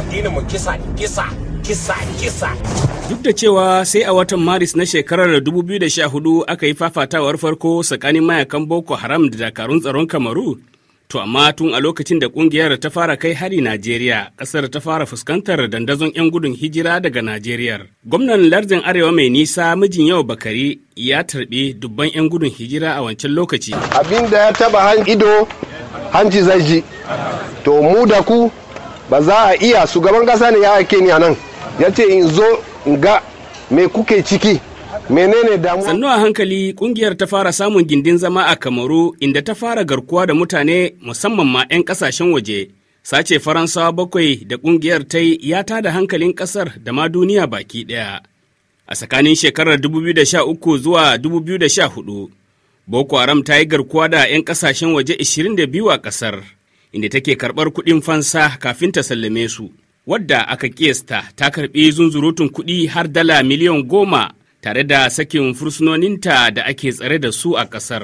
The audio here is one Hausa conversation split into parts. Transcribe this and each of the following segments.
addinin mu kisa kisa kisa kisa duk da cewa sai a watan maris na shekarar 2014 aka yi fafatawar farko tsakanin mayakan boko haram da dakarun tsaron kamaru to amma tun a lokacin da kungiyar ta fara kai hari najeriya kasar ta fara fuskantar dandazon 'yan gudun hijira daga najeriya gwamnan lardin arewa mai nisa mijin yau bakari ya tarbi dubban 'yan gudun hijira a wancan lokaci abin da ya taba han ido hanci zai ji to mu da ku ba za a iya shugaban kasa ne ya ake ni a nan ya ce in zo in ga me kuke ciki menene damuwa sannu a hankali kungiyar ta fara samun gindin zama a kamaru inda ta fara garkuwa da mutane musamman ma 'yan kasashen waje sace faransawa bakwai da kungiyar ta yi ya tada hankalin kasar da ma duniya baki daya a tsakanin shekarar 2013 zuwa 2014 boko haram ta yi garkuwa da 'yan kasashen waje 22 a kasar inda take karɓar kuɗin fansa kafin ta sallame su wadda aka kiyasta ta karɓi zunzurutun kuɗi har dala miliyan goma tare da sakin fursunoninta da ake tsare da su a ƙasar.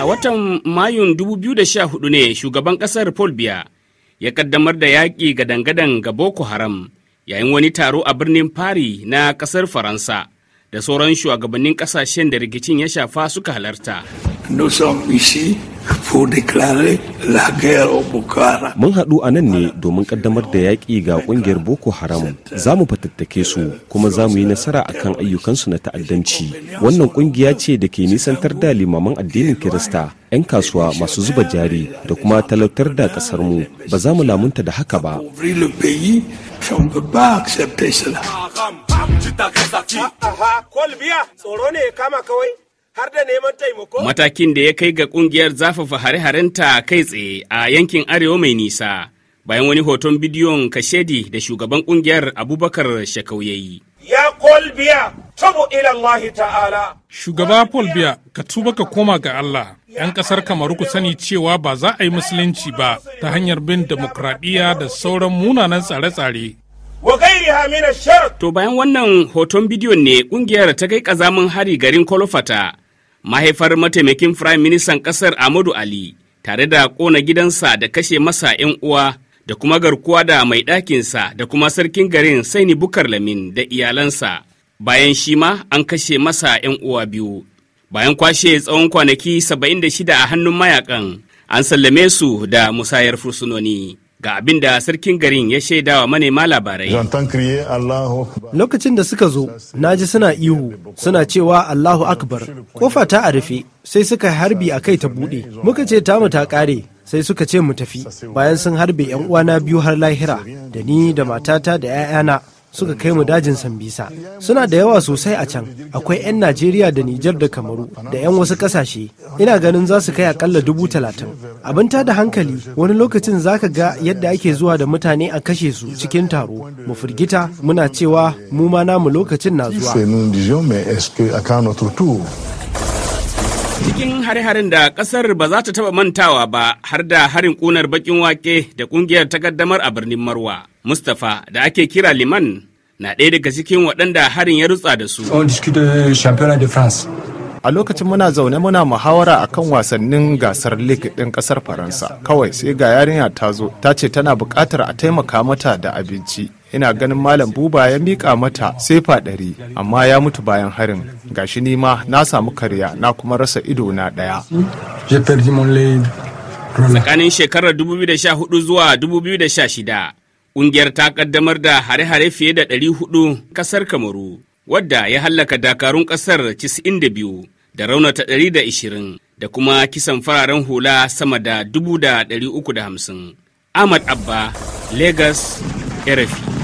A watan Mayun 2014 ne shugaban ƙasar Paul ya kaddamar da yaƙi ga dangadan ga Boko Haram yayin wani taro a birnin Paris na ƙasar Faransa da sauran shugabannin ƙasashen da rikicin ya shafa suka halarta. Nous sommes ici pour déclarer la guerre au Boko Haram. Mun haɗu a nan ne domin ƙaddamar da yaƙi ga ƙungiyar Boko Haram. Za mu fatattake su kuma za mu yi nasara akan ayyukansu na ta'addanci. Wannan ƙungiya ce da ke nisantar da limaman addinin Kirista, 'yan kasuwa masu zuba jari da kuma talautar da ƙasar mu. Ba za mu lamunta da haka ba. Tsoro ne kama ah, ah, ah, kawai? har da neman taimako. Matakin da ya kai ga kungiyar zafafa hare-harenta kai tsaye a yankin Arewa mai nisa. Bayan wani hoton bidiyon kashedi da shugaban kungiyar Abubakar shakau Ya Paul Biya, tubu Allah ta'ala. Shugaba Paul Biya, ka tuba ka koma ga Allah. 'Yan ƙasar Kamaru ku sani cewa ba za a yi musulunci ba ta hanyar bin demokradiyya da sauran munanan tsare-tsare wa gairiha min to bayan wannan hoton bidiyon ne ƙungiyar ta kai ƙazamin hari garin Kolofata mahaifar mataimakin firayim ministan kasar amadu Ali tare da kona gidansa da kashe masa 'yan uwa da kuma garkuwa da mai ɗakinsa da kuma sarkin garin Saini Bukar Lamin da iyalansa bayan shi ma an kashe masa 'yan uwa biyu bayan kwashe tsawon kwanaki 76 a hannun mayakan an sallame su da musayar fursunoni. ga abin da sarkin garin ya shaida wa manema labarai. Lokacin da suka zo, na ji suna ihu, suna cewa Allahu Akbar, kofa ta a rufe, sai suka harbi a kai ta buɗe. Muka ce tamu ta ƙare, sai suka ce mu tafi, bayan sun harbe 'yan uwana biyu har lahira, da ni da matata da 'ya'yana. suka kai mu dajin Sambisa. Suna da yawa sosai a can, akwai 'yan Najeriya da Nijar da Kamaru da 'yan wasu ƙasashe. Ina ganin za su kai akalla dubu talatin. Abin ta da hankali wani lokacin za ka ga yadda ake zuwa da mutane a kashe su cikin taro. Mu firgita muna cewa mu ma namu lokacin na zuwa. cikin hare-haren da kasar ba za ta taba mantawa ba har da harin ƙunar baƙin wake da ƙungiyar ta a birnin Marwa. Mustapha da ake kira Liman na ɗaya daga cikin waɗanda harin ya rutsa da su. a lokacin muna zaune muna muhawara a kan wasannin gasar lig ɗin kasar faransa kawai sai ga yarinya ta zo ta ce tana buƙatar a taimaka mata da abinci ina ganin malam buba ya mika mata sefa ɗari amma ya mutu bayan harin gashi ni ma na samu karya na kuma rasa ido na ɗaya tsakanin shekarar 2014 zuwa 2016 ƙungiyar ta kaddamar da hare-hare fiye da 400 kasar kamaru wadda ya hallaka dakarun kasar 92 da raunata 120 da kuma kisan fararen hula sama da 350 ahmad abba lagos rfi